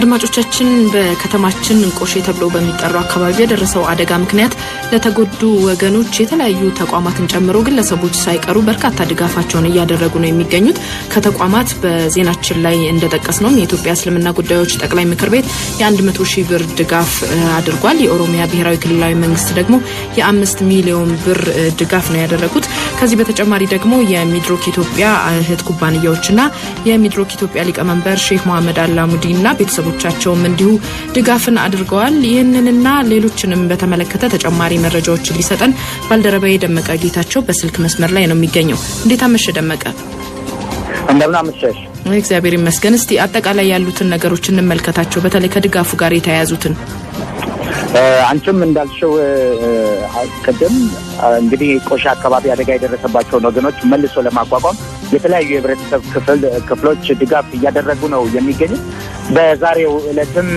አድማጮቻችን በከተማችን እንቆሼ ተብሎ በሚጠራው አካባቢ የደረሰው አደጋ ምክንያት ለተጎዱ ወገኖች የተለያዩ ተቋማትን ጨምሮ ግለሰቦች ሳይቀሩ በርካታ ድጋፋቸውን እያደረጉ ነው የሚገኙት። ከተቋማት በዜናችን ላይ እንደጠቀስ ነው የኢትዮጵያ እስልምና ጉዳዮች ጠቅላይ ምክር ቤት የ100 ሺህ ብር ድጋፍ አድርጓል። የኦሮሚያ ብሔራዊ ክልላዊ መንግስት ደግሞ የአምስት ሚሊዮን ብር ድጋፍ ነው ያደረጉት። ከዚህ በተጨማሪ ደግሞ የሚድሮክ ኢትዮጵያ እህት ኩባንያዎችና የሚድሮክ ኢትዮጵያ ሊቀመንበር ሼህ መሐመድ አላሙዲ ና ቤተሰቡ ቤተሰቦቻቸውም እንዲሁ ድጋፍን አድርገዋል። ይህንንና ሌሎችንም በተመለከተ ተጨማሪ መረጃዎችን ሊሰጠን ባልደረባ የደመቀ ጌታቸው በስልክ መስመር ላይ ነው የሚገኘው። እንዴት አመሸ ደመቀ? እንደምን አመሸሽ? እግዚአብሔር ይመስገን። እስቲ አጠቃላይ ያሉትን ነገሮች እንመልከታቸው፣ በተለይ ከድጋፉ ጋር የተያያዙትን አንቺም እንዳልሽው ቅድም እንግዲህ ቆሻ አካባቢ አደጋ የደረሰባቸውን ወገኖች መልሶ ለማቋቋም የተለያዩ የህብረተሰብ ክፍል ክፍሎች ድጋፍ እያደረጉ ነው የሚገኙት። በዛሬው እለትም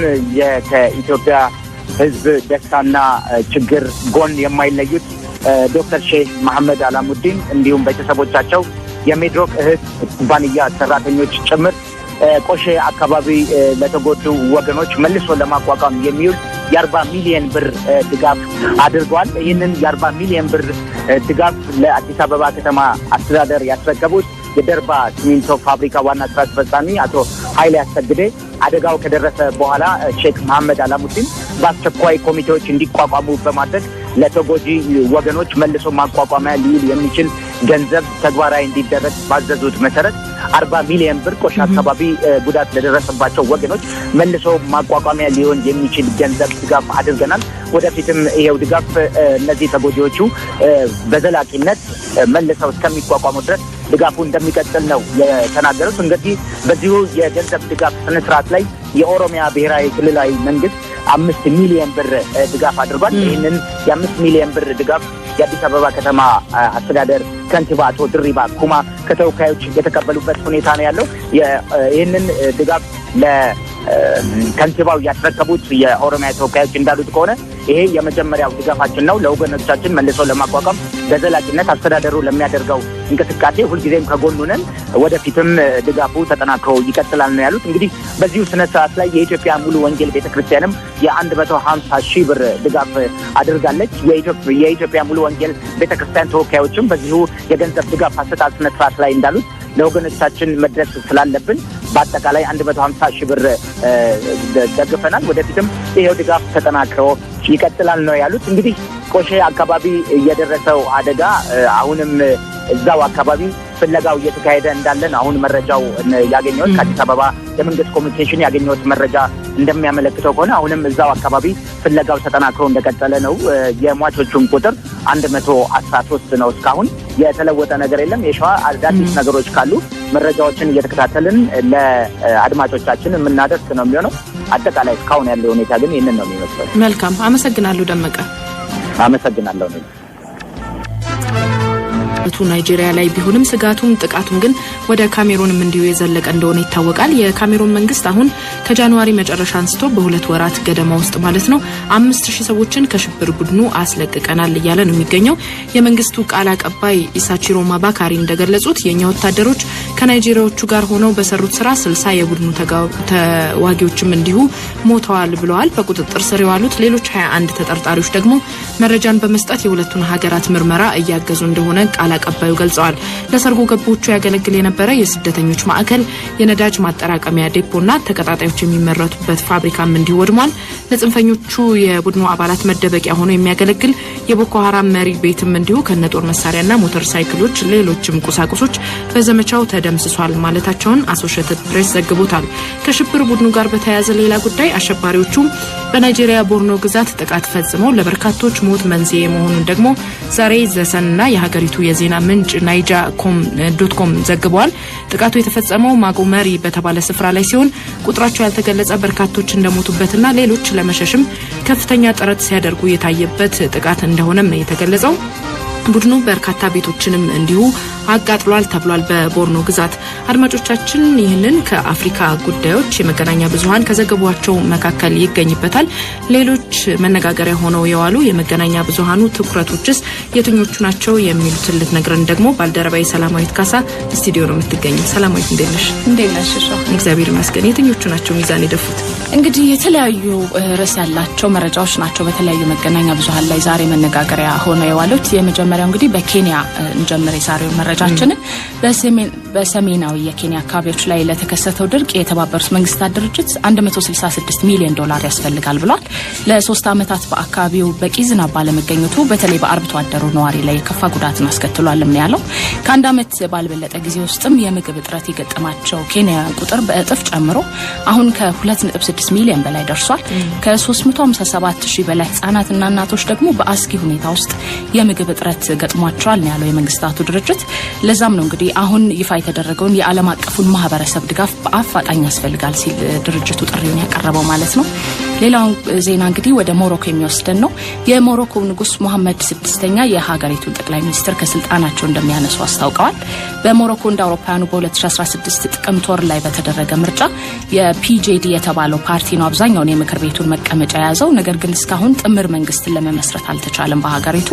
ከኢትዮጵያ ህዝብ ደስታና ችግር ጎን የማይለዩት ዶክተር ሼህ መሐመድ አላሙዲን እንዲሁም ቤተሰቦቻቸው የሜድሮክ እህት ኩባንያ ሰራተኞች ጭምር ቆሼ አካባቢ ለተጎዱ ወገኖች መልሶ ለማቋቋም የሚውል የአርባ ሚሊየን ብር ድጋፍ አድርገዋል። ይህንን የአርባ ሚሊየን ብር ድጋፍ ለአዲስ አበባ ከተማ አስተዳደር ያስረከቡት የደርባ ሲሚንቶ ፋብሪካ ዋና ስራ አስፈጻሚ አቶ ኃይሌ አሰግዴ አደጋው ከደረሰ በኋላ ሼክ መሐመድ አላሙዲን በአስቸኳይ ኮሚቴዎች እንዲቋቋሙ በማድረግ ለተጎጂ ወገኖች መልሶ ማቋቋሚያ ሊውል የሚችል ገንዘብ ተግባራዊ እንዲደረግ ባዘዙት መሰረት አርባ ሚሊዮን ብር ቆሻ አካባቢ ጉዳት ለደረሰባቸው ወገኖች መልሶ ማቋቋሚያ ሊሆን የሚችል ገንዘብ ድጋፍ አድርገናል። ወደፊትም ይሄው ድጋፍ እነዚህ ተጎጂዎቹ በዘላቂነት መልሰው እስከሚቋቋሙ ድረስ ድጋፉ እንደሚቀጥል ነው የተናገሩት። እንግዲህ በዚሁ የገንዘብ ድጋፍ ስነስርዓት ላይ የኦሮሚያ ብሔራዊ ክልላዊ መንግስት አምስት ሚሊዮን ብር ድጋፍ አድርጓል። ይህንን የአምስት ሚሊዮን ብር ድጋፍ የአዲስ አበባ ከተማ አስተዳደር ከንቲባ አቶ ድሪባ ኩማ ከተወካዮች የተቀበሉበት ሁኔታ ነው ያለው። ይህንን ድጋፍ ከንቲባው ያስረከቡት የኦሮሚያ ተወካዮች እንዳሉት ከሆነ ይሄ የመጀመሪያው ድጋፋችን ነው። ለወገኖቻችን መልሶ ለማቋቋም በዘላቂነት አስተዳደሩ ለሚያደርገው እንቅስቃሴ ሁልጊዜም ከጎኑ ነን፣ ወደፊትም ድጋፉ ተጠናክሮ ይቀጥላል ነው ያሉት። እንግዲህ በዚሁ ስነ ስርዓት ላይ የኢትዮጵያ ሙሉ ወንጌል ቤተክርስቲያንም የአንድ መቶ ሀምሳ ሺህ ብር ድጋፍ አድርጋለች። የኢትዮጵያ ሙሉ ወንጌል ቤተክርስቲያን ተወካዮችም በዚሁ የገንዘብ ድጋፍ አሰጣጥ ስነ ስርዓት ላይ እንዳሉት ለወገኖቻችን መድረስ ስላለብን በአጠቃላይ 150 ሺህ ብር ደግፈናል። ወደፊትም ይሄው ድጋፍ ተጠናክሮ ይቀጥላል ነው ያሉት። እንግዲህ ቆሼ አካባቢ የደረሰው አደጋ አሁንም እዛው አካባቢ ፍለጋው እየተካሄደ እንዳለን አሁን መረጃው ያገኘሁት ከአዲስ አበባ የመንግስት ኮሚኒኬሽን ያገኘሁት መረጃ እንደሚያመለክተው ከሆነ አሁንም እዛው አካባቢ ፍለጋው ተጠናክሮ እንደቀጠለ ነው። የሟቾቹም ቁጥር አንድ መቶ አስራ ሶስት ነው። እስካሁን የተለወጠ ነገር የለም። የሸዋ አዳዲስ ነገሮች ካሉ መረጃዎችን እየተከታተልን ለአድማጮቻችን የምናደርስ ነው የሚሆነው። አጠቃላይ እስካሁን ያለው ሁኔታ ግን ይህንን ነው የሚመስለው። መልካም አመሰግናለሁ ደመቀ። አመሰግናለሁ። ብቱ ናይጄሪያ ላይ ቢሆንም ስጋቱም ጥቃቱም ግን ወደ ካሜሩንም እንዲሁ የዘለቀ እንደሆነ ይታወቃል። የካሜሩን መንግስት አሁን ከጃንዋሪ መጨረሻ አንስቶ በሁለት ወራት ገደማ ውስጥ ማለት ነው አምስት ሺህ ሰዎችን ከሽብር ቡድኑ አስለቅቀናል እያለ ነው የሚገኘው። የመንግስቱ ቃል አቀባይ ኢሳቺሮ ማባካሪ እንደገለጹት የእኛ ወታደሮች ከናይጄሪያዎቹ ጋር ሆነው በሰሩት ስራ ስልሳ የቡድኑ ተዋጊዎችም እንዲሁ ሞተዋል ብለዋል። በቁጥጥር ስር የዋሉት ሌሎች 21 ተጠርጣሪዎች ደግሞ መረጃን በመስጠት የሁለቱን ሀገራት ምርመራ እያገዙ እንደሆነ ቃል ቃል አቀባዩ ገልጸዋል። ለሰርጎ ገቦቹ ያገለግል የነበረ የስደተኞች ማዕከል፣ የነዳጅ ማጠራቀሚያ ዴፖና ተቀጣጣዮች የሚመረቱበት ፋብሪካም እንዲሁ ወድሟል። ለጽንፈኞቹ የቡድኑ አባላት መደበቂያ ሆኖ የሚያገለግል የቦኮ ሀራም መሪ ቤትም እንዲሁ ከነጦር መሳሪያና ሞተር ሳይክሎች፣ ሌሎችም ቁሳቁሶች በዘመቻው ተደምስሷል ማለታቸውን አሶሽትድ ፕሬስ ዘግቦታል። ከሽብር ቡድኑ ጋር በተያያዘ ሌላ ጉዳይ አሸባሪዎቹ በናይጄሪያ ቦርኖ ግዛት ጥቃት ፈጽመው ለበርካቶች ሞት መንስኤ መሆኑን ደግሞ ዛሬ ዘሰንና የሀገሪቱ የዜ ዜና ምንጭ ናይጃ ዶት ኮም ዘግቧል። ጥቃቱ የተፈጸመው ማጎመሪ በተባለ ስፍራ ላይ ሲሆን ቁጥራቸው ያልተገለጸ በርካቶች እንደሞቱበትና ሌሎች ለመሸሽም ከፍተኛ ጥረት ሲያደርጉ የታየበት ጥቃት እንደሆነም የተገለጸው። ቡድኑ በርካታ ቤቶችንም እንዲሁ አቃጥሏል ተብሏል በቦርኖ ግዛት። አድማጮቻችን ይህንን ከአፍሪካ ጉዳዮች የመገናኛ ብዙሀን ከዘገቧቸው መካከል ይገኝበታል። ሌሎች መነጋገሪያ ሆነው የዋሉ የመገናኛ ብዙኃኑ ትኩረቶችስ የትኞቹ ናቸው የሚሉትን ልትነግረን ደግሞ ባልደረባዊ ሰላማዊት ካሳ ስቱዲዮ ነው የምትገኘው። ሰላማዊት እንደነሽ? እንደነሽ እግዚአብሔር ይመስገን። የትኞቹ ናቸው ሚዛን የደፉት? እንግዲህ የተለያዩ ርዕስ ያላቸው መረጃዎች ናቸው በተለያዩ መገናኛ ብዙሀን ላይ ዛሬ መነጋገሪያ ሆነው የዋሉት። የመጀመሪያው እንግዲህ በኬንያ እንጀምር የዛሬውን መረጃ መረጃችንን በሰሜናዊ የኬንያ አካባቢዎች ላይ ለተከሰተው ድርቅ የተባበሩት መንግስታት ድርጅት 166 ሚሊዮን ዶላር ያስፈልጋል ብሏል። ለሶስት ዓመታት በአካባቢው በቂ ዝናብ ባለመገኘቱ በተለይ በአርብቶ አደሩ ነዋሪ ላይ የከፋ ጉዳትን አስከትሏልም ያለው። ከአንድ ዓመት ባልበለጠ ጊዜ ውስጥም የምግብ እጥረት የገጠማቸው ኬንያ ቁጥር በእጥፍ ጨምሮ አሁን ከ2.6 ሚሊዮን በላይ ደርሷል። ከ357 ሺህ በላይ ህጻናትና እናቶች ደግሞ በአስጊ ሁኔታ ውስጥ የምግብ እጥረት ገጥሟቸዋል ያለው የመንግስታቱ ድርጅት። ለዛም ነው እንግዲህ አሁን ይፋ የተደረገውን የዓለም አቀፉን ማህበረሰብ ድጋፍ በአፋጣኝ ያስፈልጋል ሲል ድርጅቱ ጥሪውን ያቀረበው ማለት ነው። ሌላው ዜና እንግዲህ ወደ ሞሮኮ የሚወስደን ነው። የሞሮኮ ንጉስ ሙሐመድ ስድስተኛ የሀገሪቱን ጠቅላይ ሚኒስትር ከስልጣናቸው እንደሚያነሱ አስታውቀዋል። በሞሮኮ እንደ አውሮፓውያኑ በ2016 ጥቅምት ወር ላይ በተደረገ ምርጫ የፒጄዲ የተባለው ፓርቲ ነው አብዛኛውን የምክር ቤቱን መቀመጫ የያዘው። ነገር ግን እስካሁን ጥምር መንግስትን ለመመስረት አልተቻለም። በሀገሪቱ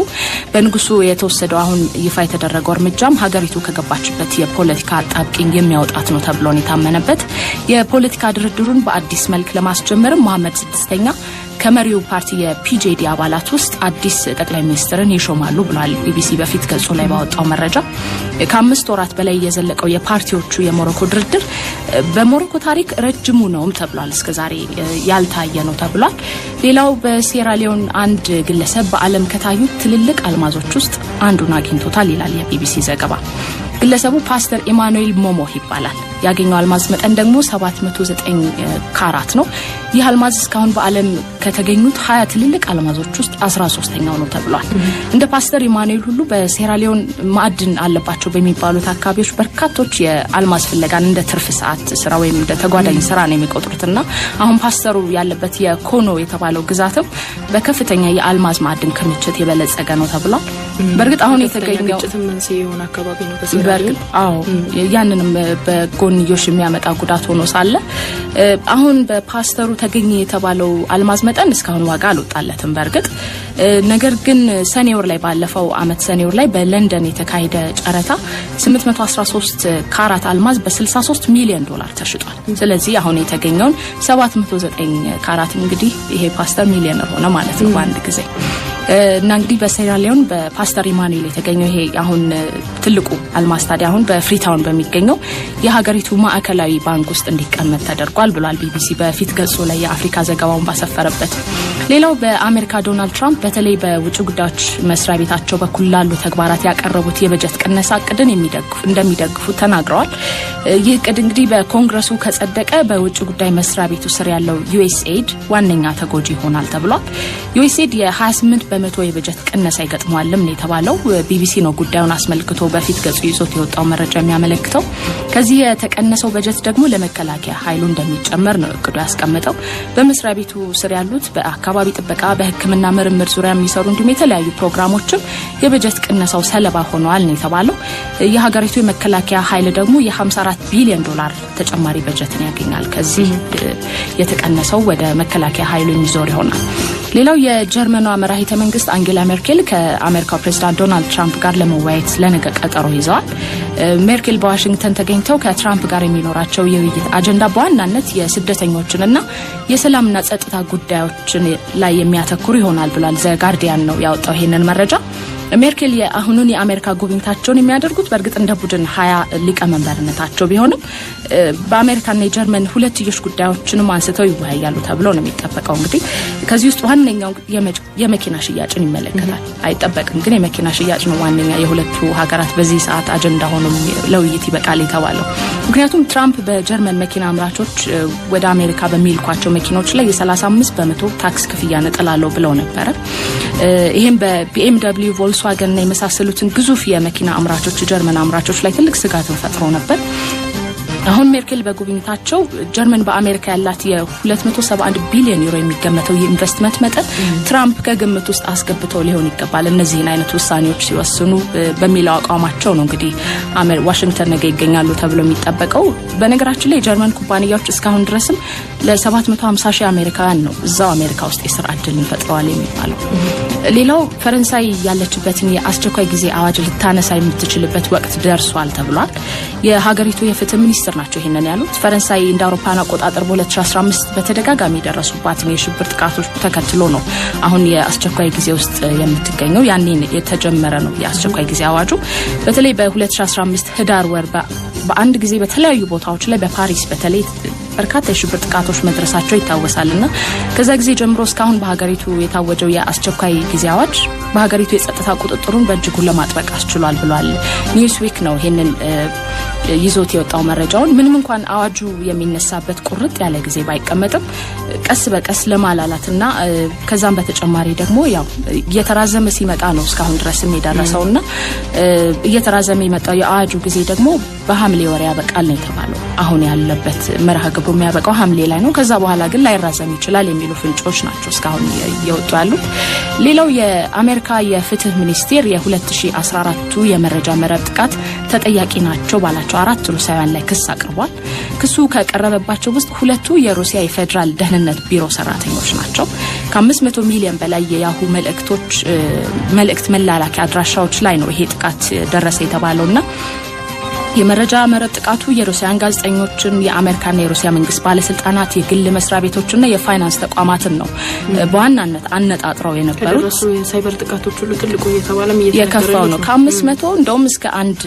በንጉሱ የተወሰደው አሁን ይፋ የተደረገው እርምጃም ሀገሪቱ ከገባችበት የፖለቲካ አጣብቂኝ የሚያወጣት ነው ተብሎን የታመነበት የፖለቲካ ድርድሩን በአዲስ መልክ ለማስጀመርም ሙሐመድ ስድስተኛ ከመሪው ፓርቲ የፒጄዲ አባላት ውስጥ አዲስ ጠቅላይ ሚኒስትርን ይሾማሉ ብሏል። ቢቢሲ በፊት ገጹ ላይ ባወጣው መረጃ ከአምስት ወራት በላይ የዘለቀው የፓርቲዎቹ የሞሮኮ ድርድር በሞሮኮ ታሪክ ረጅሙ ነውም ተብሏል። እስከዛሬ ያልታየ ነው ተብሏል። ሌላው በሴራሊዮን አንድ ግለሰብ በዓለም ከታዩት ትልልቅ አልማዞች ውስጥ አንዱን አግኝቶታል ይላል የቢቢሲ ዘገባ። ግለሰቡ ፓስተር ኢማኑኤል ሞሞህ ይባላል። ያገኘው አልማዝ መጠን ደግሞ 709 ካራት ነው። ይህ አልማዝ እስካሁን በዓለም ከተገኙት ሀያ ትልልቅ አልማዞች ውስጥ አስራ ሶስተኛው ነው ተብሏል። እንደ ፓስተር ኢማኑኤል ሁሉ በሴራሊዮን ማዕድን አለባቸው በሚባሉት አካባቢዎች በርካቶች የአልማዝ ፍለጋን እንደ ትርፍ ሰዓት ስራ ወይም እንደ ተጓዳኝ ስራ ነው የሚቆጥሩትና አሁን ፓስተሩ ያለበት የኮኖ የተባለው ግዛትም በከፍተኛ የአልማዝ ማዕድን ክምችት የበለጸገ ነው ተብሏል። በእርግጥ አሁን የተገኘው ያንንም በጎንዮሽ የሚያመጣ ጉዳት ሆኖ ሳለ አሁን በፓስተሩ ተገኘ የተባለው አልማዝ መጠን እስካሁን ዋጋ አልወጣለትም። በእርግጥ ነገር ግን ሰኔ ወር ላይ ባለፈው አመት ሰኔ ወር ላይ በለንደን የተካሄደ ጨረታ 813 ካራት አልማዝ በ63 ሚሊዮን ዶላር ተሽጧል። ስለዚህ አሁን የተገኘውን 709 ካራት እንግዲህ ይሄ ፓስተር ሚሊዮነር ሆነ ማለት ነው በአንድ ጊዜ። እና እንግዲህ በሴራሊዮን በፓስተር ኢማኑኤል የተገኘው ይሄ አሁን ትልቁ አልማዝ ታዲያ አሁን በፍሪታውን በሚገኘው የሀገሪቱ ማዕከላዊ ባንክ ውስጥ እንዲቀመጥ ተደርጓል ብሏል ቢቢሲ በፊት ገጹ ላይ የአፍሪካ ዘገባውን ባሰፈረበት። ሌላው በአሜሪካ ዶናልድ ትራምፕ በተለይ በውጭ ጉዳዮች መስሪያ ቤታቸው በኩል ላሉ ተግባራት ያቀረቡት የበጀት ቅነሳ እቅድን እንደሚደግፉ ተናግረዋል። ይህ እቅድ እንግዲህ በኮንግረሱ ከጸደቀ በውጭ ጉዳይ መስሪያ ቤቱ ስር ያለው ዩኤስኤድ ዋነኛ ተጎጂ ይሆናል ተብሏል። ዩኤስኤድ የ28 በመቶ የበጀት ቅነሳ ይገጥመዋልም ነው የተባለው። ቢቢሲ ነው ጉዳዩን አስመልክቶ በፊት ገጹ ይዞት የወጣው መረጃ የሚያመለክተው። ከዚህ የተቀነሰው በጀት ደግሞ ለመከላከያ ኃይሉ እንደሚጨመር ነው እቅዱ ያስቀምጠው። በመስሪያ ቤቱ ስር ያሉት በአካባቢ ጥበቃ፣ በሕክምና ምርምር ዙሪያ የሚሰሩ እንዲሁም የተለያዩ ፕሮግራሞችም የበጀት ቅነሳው ሰለባ ሆነዋል ነው የተባለው። የሀገሪቱ የመከላከያ ኃይል ደግሞ የ54 አራት ቢሊዮን ዶላር ተጨማሪ በጀትን ያገኛል። ከዚህ የተቀነሰው ወደ መከላከያ ኃይሉ የሚዞር ይሆናል። ሌላው የጀርመኗ መራሂተ መንግስት አንጌላ ሜርኬል ከአሜሪካው ፕሬዚዳንት ዶናልድ ትራምፕ ጋር ለመወያየት ለነገ ቀጠሮ ይዘዋል። ሜርኬል በዋሽንግተን ተገኝተው ከትራምፕ ጋር የሚኖራቸው የውይይት አጀንዳ በዋናነት የስደተኞችንና የሰላምና ጸጥታ ጉዳዮችን ላይ የሚያተኩሩ ይሆናል ብሏል። ዘጋርዲያን ነው ያወጣው ይሄንን መረጃ። ሜርኬል የአሁኑን የአሜሪካ ጉብኝታቸውን የሚያደርጉት በእርግጥ እንደ ቡድን ሀያ ሊቀመንበርነታቸው ቢሆንም በአሜሪካና የጀርመን ሁለትዮሽ ጉዳዮችንም አንስተው ይወያያሉ ተብሎ ነው የሚጠበቀው። እንግዲህ ከዚህ ውስጥ ዋነኛው የመኪና ሽያጭን ይመለከታል። አይጠበቅም፣ ግን የመኪና ሽያጭ ነው ዋነኛ የሁለቱ ሀገራት በዚህ ሰዓት አጀንዳ ሆኖ ለውይይት ይበቃል የተባለው። ምክንያቱም ትራምፕ በጀርመን መኪና አምራቾች ወደ አሜሪካ በሚልኳቸው መኪኖች ላይ የ35 በመቶ ታክስ ክፍያ ነጥላለሁ ብለው ነበረ። ይህም በቢኤምደብሊው ቮልስ ቮልክስዋገንና የመሳሰሉትን ግዙፍ የመኪና አምራቾች ጀርመን አምራቾች ላይ ትልቅ ስጋትን ፈጥሮ ነበር። አሁን ሜርኬል በጉብኝታቸው ጀርመን በአሜሪካ ያላት የ271 ቢሊዮን ዩሮ የሚገመተው የኢንቨስትመንት መጠን ትራምፕ ከግምት ውስጥ አስገብተው ሊሆን ይገባል እነዚህን አይነት ውሳኔዎች ሲወስኑ በሚለው አቋማቸው ነው እንግዲህ ዋሽንግተን ነገ ይገኛሉ ተብሎ የሚጠበቀው። በነገራችን ላይ የጀርመን ኩባንያዎች እስካሁን ድረስም ለ750 ሺህ አሜሪካውያን ነው እዛው አሜሪካ ውስጥ የስራ እድል እንፈጥረዋል የሚባለው። ሌላው ፈረንሳይ ያለችበትን የአስቸኳይ ጊዜ አዋጅ ልታነሳ የምትችልበት ወቅት ደርሷል ተብሏል። የሀገሪቱ የፍትህ ሚኒስትር ናቸው ይህንን ያሉት። ፈረንሳይ እንደ አውሮፓን አቆጣጠር በ2015 በተደጋጋሚ የደረሱባትን የሽብር ጥቃቶች ተከትሎ ነው አሁን የአስቸኳይ ጊዜ ውስጥ የምትገኘው። ያኔ የተጀመረ ነው የአስቸኳይ ጊዜ አዋጁ በተለይ በ2015 ህዳር ወር በአንድ ጊዜ በተለያዩ ቦታዎች ላይ በፓሪስ በተለይ በርካታ የሽብር ጥቃቶች መድረሳቸው ና ከዛ ጊዜ ጀምሮ እስካሁን በሀገሪቱ የታወጀው የአስቸኳይ ጊዜ አዋጅ በሀገሪቱ የጸጥታ ቁጥጥሩን በእጅጉ ለማጥበቅ አስችሏል ብሏል። ኒውስዊክ ነው ይህንን ይዞት የወጣው መረጃውን ምንም እንኳን አዋጁ የሚነሳበት ቁርጥ ያለ ጊዜ ባይቀመጥም ቀስ በቀስ ለማላላትና ከዛም በተጨማሪ ደግሞ ያው እየተራዘመ ሲመጣ ነው እስካሁን የሚደረሰው እና እየተራዘመ የመጣው የአዋጁ ጊዜ ደግሞ በሐምሌ ወር ያበቃል ነው የተባለው። አሁን ያለበት መርሃ ግብሩ የሚያበቃው ሐምሌ ላይ ነው። ከዛ በኋላ ግን ላይራዘም ይችላል የሚሉ ፍንጮች ናቸው እስካሁን እየወጡ ያሉት። ሌላው የአሜሪካ የፍትህ ሚኒስቴር የ2014ቱ የመረጃ መረብ ጥቃት ተጠያቂ ናቸው ባላቸው አራት ሩሲያውያን ላይ ክስ አቅርቧል። ክሱ ከቀረበባቸው ውስጥ ሁለቱ የሩሲያ የፌዴራል ደህንነት ቢሮ ሰራተኞች ናቸው። ከ500 ሚሊዮን በላይ የያሁ መልእክቶች መልእክት መላላኪያ አድራሻዎች ላይ ነው ይሄ ጥቃት ደረሰ የተባለውና የመረጃ መረብ ጥቃቱ የሩሲያን ጋዜጠኞችን የአሜሪካና የሩሲያ መንግስት ባለስልጣናት የግል መስሪያ ቤቶችና የፋይናንስ ተቋማትን ነው በዋናነት አነጣጥረው የነበሩት። ሳይበር ጥቃቶች ሁሉ ትልቁ እየተባለም የከፋው ነው። ከአምስት መቶ እንደውም እስከ አንድ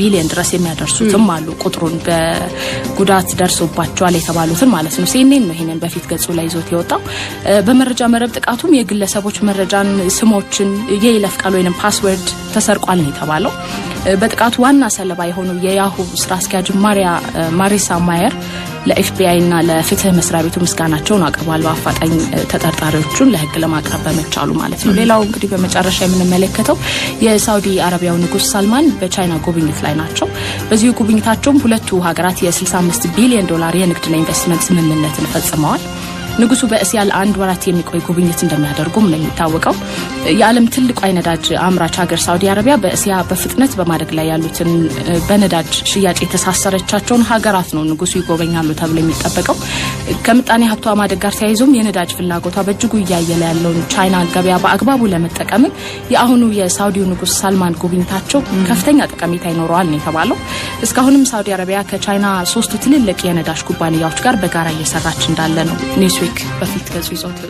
ቢሊዮን ድረስ የሚያደርሱትም አሉ። ቁጥሩን በጉዳት ደርሶባቸዋል የተባሉትን ማለት ነው። ሲኔን ነው ይሄንን በፊት ገጹ ላይ ይዞት የወጣው። በመረጃ መረብ ጥቃቱም የግለሰቦች መረጃን፣ ስሞችን፣ የይለፍ ቃል ወይም ፓስወርድ ተሰርቋል ነው የተባለው። በጥቃቱ ዋና ሰለባ የሆኑ የያሁ ስራ አስኪያጅ ማሪያ ማሪሳ ማየር ለኤፍቢአይ እና ለፍትህ መስሪያ ቤቱ ምስጋናቸውን አቅርቧል። በአፋጣኝ ተጠርጣሪዎቹን ለህግ ለማቅረብ በመቻሉ ማለት ነው። ሌላው እንግዲህ በመጨረሻ የምንመለከተው የሳውዲ አረቢያው ንጉስ ሳልማን በቻይና ጉብኝት ላይ ናቸው። በዚሁ ጉብኝታቸውም ሁለቱ ሀገራት የ65 ቢሊዮን ዶላር የንግድና ኢንቨስትመንት ስምምነትን ፈጽመዋል። ንጉሱ በእስያ ለአንድ ወራት የሚቆይ ጉብኝት እንደሚያደርጉም ነው የሚታወቀው። የዓለም ትልቋ የነዳጅ አምራች ሀገር ሳውዲ አረቢያ በእስያ በፍጥነት በማደግ ላይ ያሉትን በነዳጅ ሽያጭ የተሳሰረቻቸውን ሀገራት ነው ንጉሱ ይጎበኛሉ ተብሎ የሚጠበቀው። ከምጣኔ ሀብቷ ማደግ ጋር ተያይዞም የነዳጅ ፍላጎቷ በእጅጉ እያየለ ያለውን ቻይና ገበያ በአግባቡ ለመጠቀምም የአሁኑ የሳውዲው ንጉስ ሳልማን ጉብኝታቸው ከፍተኛ ጠቀሜታ ይኖረዋል ነው የተባለው። እስካሁንም ሳውዲ አረቢያ ከቻይና ሶስት ትልልቅ የነዳጅ ኩባንያዎች ጋር በጋራ እየሰራች እንዳለ ነው ኔስ Musik verfügt als Resort.